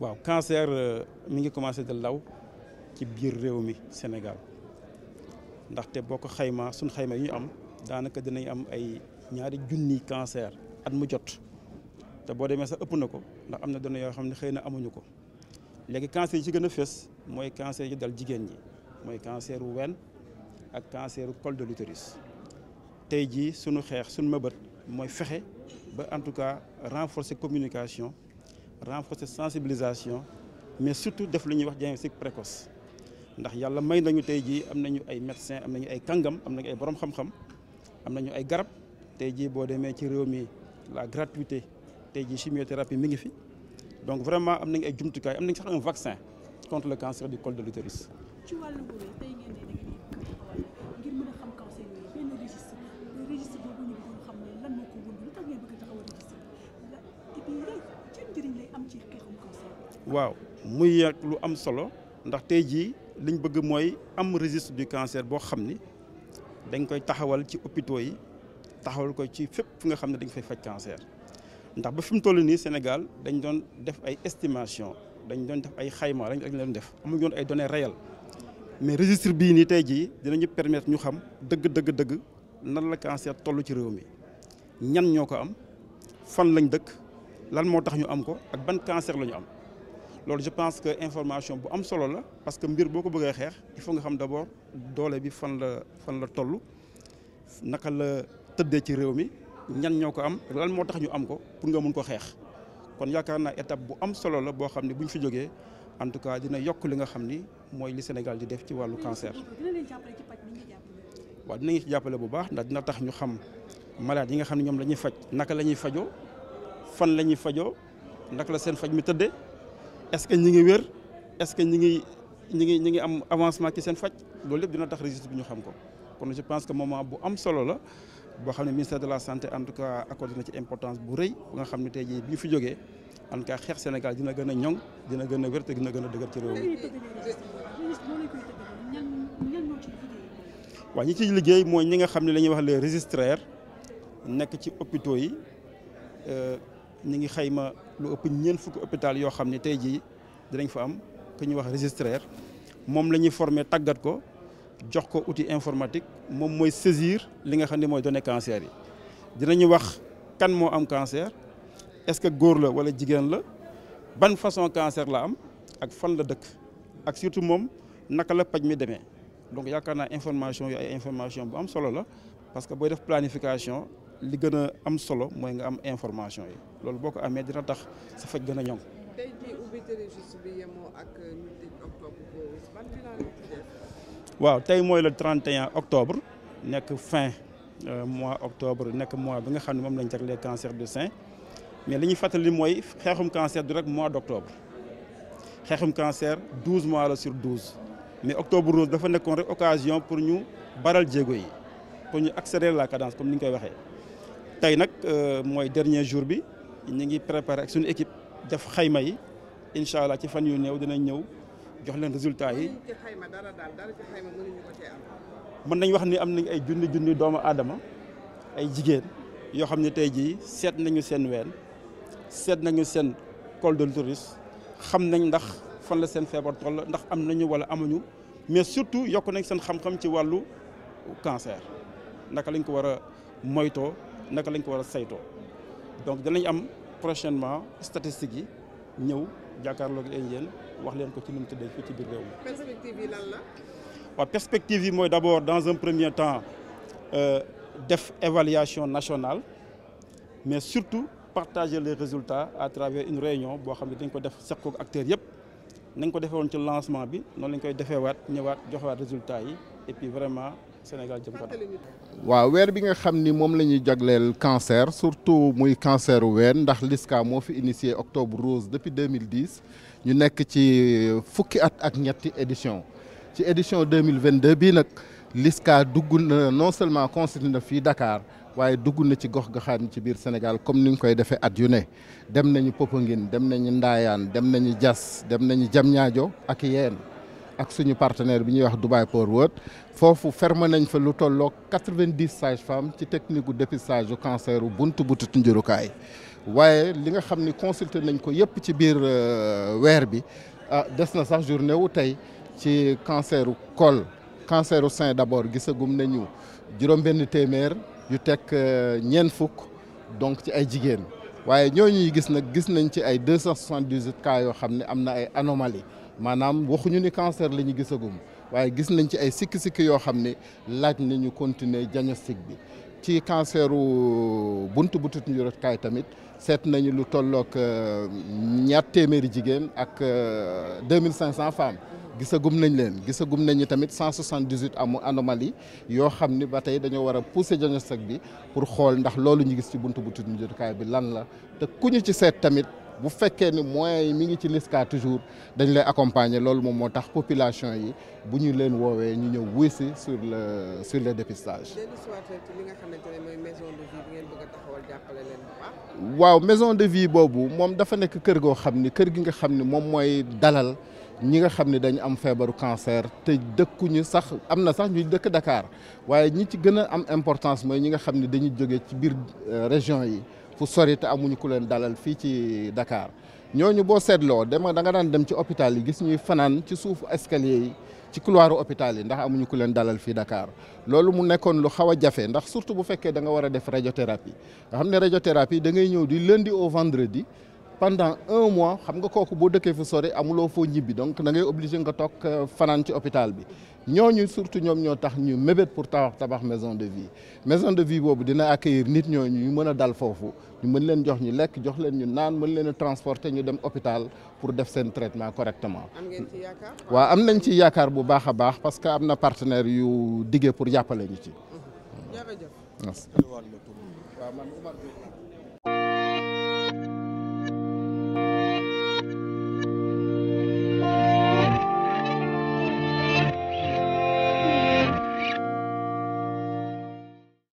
waaw cancer euh, mi ngi commencé di law ci biir réew mi Sénégal ndaxte boo ko xayma suñ xayma yi ñu am daanaka dinañ am ay ñaari junni cancer at mu jot te boo demee sax ëpp na ko ndax am na données yoo xam ne xëy na amuñu ko léegi cancer yi ci gën a fës mooy cancer yi dal jigéen ñi mooy cancer wu wen ak cancer wu col de l'utérus tey jii sunu xeex sunu mëbët mooy fexe ba en tout cas renforcer communication renforcer sensibilisation mais surtout def lu ñuy wax diagnostic précoce ndax yàlla may nañu tey jii am nañu ay médecins am nañu ay kàngam am nañu ay borom xam-xam am nañu ay garab tey jii boo demee ci réew mi la gratuité tey jii chimiothérapie mi ngi fi donc vraiment am nañu ay jumtukaay am nañu sax un vaccin contre le cancer du cole de l'utérus. ci wàllu waaw muy nag lu am solo ndax tey jii liñ bëgg mooy am registre du cancer boo xam ni dañ koy taxawal ci hôpitaux yi taxawal ko ci fépp fu nga xam ne dañ fay faj cancer ndax ba fi mu toll nii Sénégal dañ doon def ay estimation dañ doon def ay xayma lañ dañ leen def amuñu doon ay données réelles mais registre bii nii tey jii dinañu permettre ñu xam dëgg dëgg dëgg nan la cancer toll ci réew mi ñan ñoo ko am fan lañ dëkk lan moo tax ñu am ko ak ban cancer la ñu am loolu je pense que information bu am solo la parce que mbir boo ko bëggee xeex il faut nga xam d'abord doole bi fan la fan la toll naka la tëddee ci réew mi ñan ñoo ko am lan moo tax ñu am ko pour nga mun ko xeex kon yaakaar naa étape bu am solo la boo xam ne bu ñu fi jógee en tout cas dina yokk li nga xam ni mooy li Sénégal di def ci wàllu cancer. waaw dinañ ci jàppale bu baax ndax dina tax ñu xam malade yi nga xam ne ñoom la faj naka la ñuy fajoo fan la ñuy fajoo naka la seen faj mi tëddee. est-ce que ñi ngi wér est-ce que ñi ngi ñi ngi ngi am avancement ci seen faj loolu lépp dina tax registre bi ñu xam ko kon je pense que moment bu am solo la boo xam ne ministère de la santé en tout cas accordé na ci importance bu rëy ba nga xam ne tey jii bi ñu fi jógee en xeex Sénégal dina gën a ñoŋ dina gën a wér te dina gën a dëgër ci réew mi. waaw ñi liggéey mooy ñi nga xam ne la wax les registraires nekk ci hôpitaux yi. Euh, ñu ngi xayma lu ëpp ñeent fukki hôpital yoo xam ne tey jii dinañ fa am ku ñuy wax registraire moom la ñuy former tàggat ko jox ko outil informatique moom mooy saisir li nga xam ne mooy données cancer yi. dinañu wax kan moo am cancer est-ce que góor la walla jigéen la ban façon cancer la am ak fan la dëkk ak surtout moom naka la paj mi demee donc yaakaar naa information yi ay information bu am solo la parce que booy def planification. li gën a am solo mooy nga am information yi loolu boo ko amee dina tax sa faj gën a ñoŋ. tey waaw tey mooy le 31 octobre nekk fin euh, mois octobre nekk mois bi nga xam ne moom lañ jagleel cancer de sein mais li ñuy fàttali mooy xeexum cancer du rek mois d' octobre xeexum cancer 12 mois la sur douze mais octobre rose dafa nekkoon rek occasion pour ñu baral jéego yi pour ñu accélérer la cadence comme ni nga koy waxee. tey nag euh, mooy dernier jour bi ñu ngi préparé ak suñu équipe def xayma yi incha allah ci fan yu néew dinañ ñëw jox leen résultat yi. mën nañ wax ni am nañ ay junni junni doomu aadama ay jigéen yoo xam ne tey jii seet nañu seen ween seet nañu seen cole de l'utérus xam nañ ndax fan la seen feebar toll ndax am nañu wala amuñu mais surtout yokk nañ seen xam-xam ci wàllu cancer naka lañ ko war a moytoo. naka lañ ko war a saytoo donc danañ am prochainement statistiques yi ñëw jàkkaarloog leen yéen wax leen ko ci nu mu tëddee fii ci biir réew mi. perspective yi waaw perspective yi mooy d' abord dans un premier temps euh, def évaluation nationale mais surtout partager les résultat à travers une réunion boo xam ne dañ ko def seq ak acteurs yëpp nañ ko defee woon ci lancement bi noonu lañ koy defeewaat ñëwaat joxewaat résultats yi et vraiment. Sénégal jëm kanam. waaw weer bi nga xam ni moom la ñuy jagleel cancer surtout muy cancer ween ndax LISCA moo fi initié octobre rose depuis 2010 ñu nekk ci fukki at ak ñetti édition ci édition 2022 bii nag LISCA dugg na non seulement constitué na fii Dakar waaye dugg na ci gox goxaan ci biir Sénégal comme ni nga koy defee at yu ne dem nañu Popenguine dem nañu Ndaayaan dem nañu Diass dem nañu Diamniadio ak yeen ak suñu partenaire bi ñuy wax Dubai Port World foofu fermé nañ fa lu tolloo quatre-vingt-dix sages-femmes ci technique gu dépistage du bunt buntu bu tunjurukaay waaye li nga xam ni consulté nañ ko yëpp ci biir euh, weer bi ah des na sax journée wu tey ci cancer u col cancer u sein d'abord gisagum nañu juróom-benn téeméer yu teg euh, ñeent fukk donc ci ay jigéen waaye ñooñuy gis nag gis nañ ci ay deux cent soixante-dix-huit yoo xam ne am na ay anomali maanaam waxuñu ni cancer la ñu gisagum waaye gis nañ ci ay sikki-sikki yoo xam ne laaj nañu continuer diagnostic bi ci canceru euh, bunt bu tudd njuróokaay tamit seet nañu lu tollook euh, ñaar téeméeri jigéen ak 2500 euh, femmes gisagum nañ leen gisagum nañu tamit 178 amu anomalie yoo xam ni ba tey dañoo war a pousser diagnostic bi pour xool ndax loolu ñu gis ci bunt bu tudd njuróokaay bi lan la te ku ñu ci seet tamit. bu fekkee ni moyens yi mi ngi ci LISCA toujours dañ lay accompagner loolu moom moo tax population yi bu ñu leen woowee ñu ñëw wuy si sur le sur le dépistage. waaw maison de vie boobu moom dafa nekk kër goo xam ni kër gi nga xam ni moom mooy dalal ñi nga xam ni dañu am feebaru cancer te dëkkuñu sax am na sax ñu dëkk dakaar waaye ñi ci gën a am importance mooy ñi nga xam ni dañu jóge ci biir euh, région yi. fu sori te amuñu ku leen dalal fii ci Dakar ñooñu boo seetloo dama danga daan dem ci hôpital yi gis ñuy fanaan ci suufu escalier yi ci couloiru hôpital yi ndax amuñu ku leen dalal fii dakaar loolu mu nekkoon lu xaw a jafe ndax surtout bu fekkee da nga war a def radiothérapie nga xam ne radiothérapie da ngay ñëw di lundi au vendredi. pendant un mois xam nga kooku boo dëkkee fu sore amuloo foo ñibbi donc nangay ngay nga toog euh, fanaan ci hôpital bi ñooñu surtout ñoom ñoo tax ñu mébét pour tabax tabax maison de vie maison de vie boobu dina accueillir nit ñooñu ñu mën a dal foofu ñu mën leen jox ñu lekk jox leen ñu naan mën leen a transporter ñu dem hôpital pour def seen traitement correctement. waa am nañ ci yaakaar bu baax a baax parce que am na partenaire yu diggee pour jàppale ñu